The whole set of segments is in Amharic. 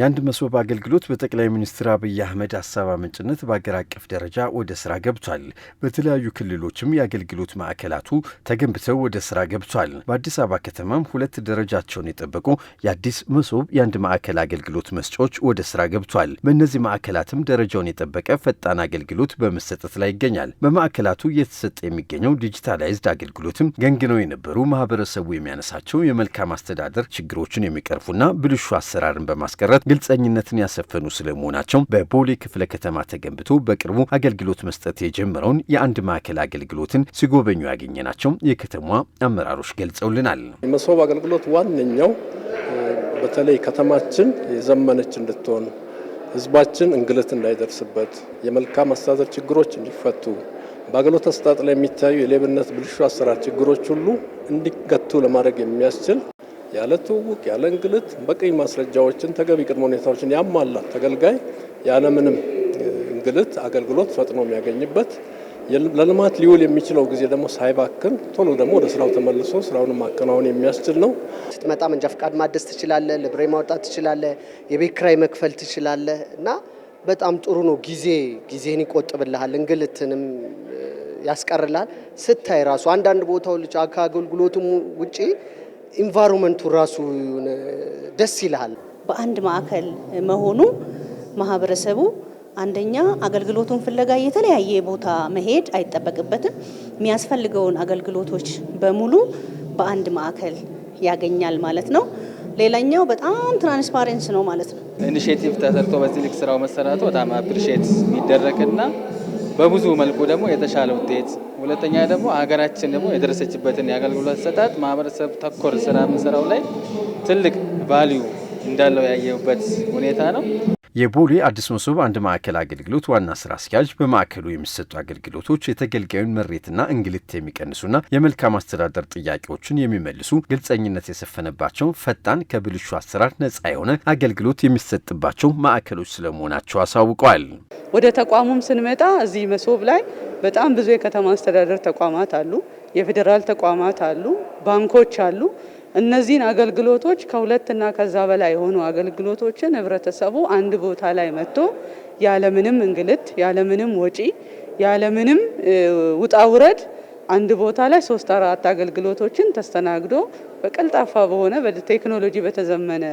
የአንድ መሶብ አገልግሎት በጠቅላይ ሚኒስትር አብይ አህመድ ሀሳብ አመንጭነት በአገር አቀፍ ደረጃ ወደ ስራ ገብቷል። በተለያዩ ክልሎችም የአገልግሎት ማዕከላቱ ተገንብተው ወደ ስራ ገብቷል። በአዲስ አበባ ከተማም ሁለት ደረጃቸውን የጠበቁ የአዲስ መሶብ የአንድ ማዕከል አገልግሎት መስጫዎች ወደ ስራ ገብቷል። በእነዚህ ማዕከላትም ደረጃውን የጠበቀ ፈጣን አገልግሎት በመሰጠት ላይ ይገኛል። በማዕከላቱ እየተሰጠ የሚገኘው ዲጂታላይዝድ አገልግሎትም ገንግነው የነበሩ ማህበረሰቡ የሚያነሳቸው የመልካም አስተዳደር ችግሮችን የሚቀርፉና ብልሹ አሰራርን በማስቀረት ግልጸኝነትን ያሰፈኑ ስለመሆናቸው በቦሌ ክፍለ ከተማ ተገንብቶ በቅርቡ አገልግሎት መስጠት የጀመረውን የአንድ ማዕከል አገልግሎትን ሲጎበኙ ያገኘናቸው የከተማ አመራሮች ገልጸውልናል። መሶብ አገልግሎት ዋነኛው በተለይ ከተማችን የዘመነች እንድትሆን ህዝባችን እንግልት እንዳይደርስበት የመልካም አስተዳደር ችግሮች እንዲፈቱ በአገልግሎት አሰጣጥ ላይ የሚታዩ የሌብነት፣ ብልሹ አሰራር ችግሮች ሁሉ እንዲገቱ ለማድረግ የሚያስችል ያለ ትውውቅ ያለ እንግልት በቀኝ ማስረጃዎችን ተገቢ ቅድመ ሁኔታዎችን ያሟላ ተገልጋይ ያለምንም እንግልት አገልግሎት ፈጥኖ የሚያገኝበት ለልማት ሊውል የሚችለው ጊዜ ደግሞ ሳይባክን ቶሎ ደግሞ ወደ ስራው ተመልሶ ስራውን ማከናወን የሚያስችል ነው። ስትመጣ መንጃ ፈቃድ ማደስ ትችላለ፣ ልብሬ ማውጣት ትችላለ፣ የቤት መክፈል ትችላለ እና በጣም ጥሩ ነው። ጊዜ ጊዜን ይቆጥብልሃል፣ እንግልትንም ያስቀርላል። ስታይ ራሱ አንዳንድ ልጅ ከአገልግሎቱም ውጪ ኢንቫይሮንመንቱ ራሱ ደስ ይልሃል። በአንድ ማዕከል መሆኑ ማህበረሰቡ አንደኛ አገልግሎቱን ፍለጋ የተለያየ ቦታ መሄድ አይጠበቅበትም። የሚያስፈልገውን አገልግሎቶች በሙሉ በአንድ ማዕከል ያገኛል ማለት ነው። ሌላኛው በጣም ትራንስፓረንስ ነው ማለት ነው። ኢኒሽቲቭ ተሰርቶ በዚህ ልክ ስራው መሰራቱ በጣም አፕሪሼት የሚደረግና በብዙ መልኩ ደግሞ የተሻለ ውጤት፣ ሁለተኛ ደግሞ ሀገራችን ደግሞ የደረሰችበትን የአገልግሎት አሰጣጥ ማህበረሰብ ተኮር ስራ ምንሰራው ላይ ትልቅ ቫሊዩ እንዳለው ያየሁበት ሁኔታ ነው። የቦሌ አዲስ መሶብ አንድ ማዕከል አገልግሎት ዋና ስራ አስኪያጅ በማዕከሉ የሚሰጡ አገልግሎቶች የተገልጋዩን መሬትና እንግልት የሚቀንሱና የመልካም አስተዳደር ጥያቄዎችን የሚመልሱ ግልጸኝነት የሰፈነባቸው ፈጣን፣ ከብልሹ አሰራር ነጻ የሆነ አገልግሎት የሚሰጥባቸው ማዕከሎች ስለመሆናቸው አሳውቀዋል። ወደ ተቋሙም ስንመጣ እዚህ መሶብ ላይ በጣም ብዙ የከተማ አስተዳደር ተቋማት አሉ፣ የፌዴራል ተቋማት አሉ፣ ባንኮች አሉ። እነዚህን አገልግሎቶች ከሁለት እና ከዛ በላይ የሆኑ አገልግሎቶችን ህብረተሰቡ አንድ ቦታ ላይ መጥቶ ያለምንም እንግልት፣ ያለምንም ወጪ፣ ያለምንም ውጣ ውረድ አንድ ቦታ ላይ ሶስት አራት አገልግሎቶችን ተስተናግዶ በቀልጣፋ በሆነ በቴክኖሎጂ በተዘመነ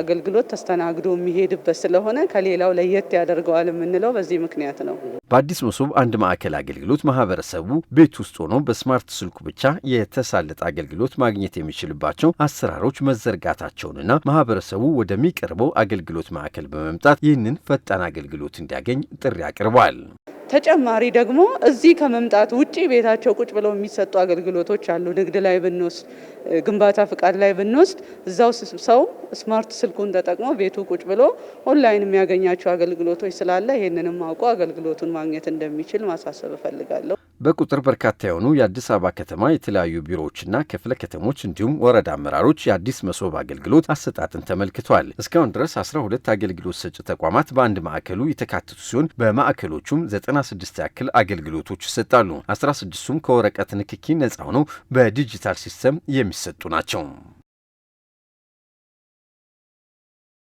አገልግሎት ተስተናግዶ የሚሄድበት ስለሆነ ከሌላው ለየት ያደርገዋል የምንለው በዚህ ምክንያት ነው። በአዲስ መሶብ አንድ ማዕከል አገልግሎት ማህበረሰቡ ቤት ውስጥ ሆኖ በስማርት ስልኩ ብቻ የተሳለጠ አገልግሎት ማግኘት የሚችልባቸው አሰራሮች መዘርጋታቸውንና ማህበረሰቡ ወደሚቀርበው አገልግሎት ማዕከል በመምጣት ይህንን ፈጣን አገልግሎት እንዲያገኝ ጥሪ አቅርቧል። ተጨማሪ ደግሞ እዚህ ከመምጣት ውጪ ቤታቸው ቁጭ ብለው የሚሰጡ አገልግሎቶች አሉ። ንግድ ላይ ብንወስድ፣ ግንባታ ፍቃድ ላይ ብንወስድ እዛው ሰው ስማርት ስልኩን ተጠቅሞ ቤቱ ቁጭ ብሎ ኦንላይን የሚያገኛቸው አገልግሎቶች ስላለ ይህንንም አውቆ አገልግሎቱን ማግኘት እንደሚችል ማሳሰብ እፈልጋለሁ። በቁጥር በርካታ የሆኑ የአዲስ አበባ ከተማ የተለያዩ ቢሮዎችና ክፍለ ከተሞች እንዲሁም ወረዳ አመራሮች የአዲስ መሶብ አገልግሎት አሰጣጥን ተመልክቷል። እስካሁን ድረስ 12 አገልግሎት ሰጪ ተቋማት በአንድ ማዕከሉ የተካተቱ ሲሆን በማዕከሎቹም 96 ያክል አገልግሎቶች ይሰጣሉ። 16ቱም ከወረቀት ንክኪ ነጻ ሆነው በዲጂታል ሲስተም የሚሰጡ ናቸው።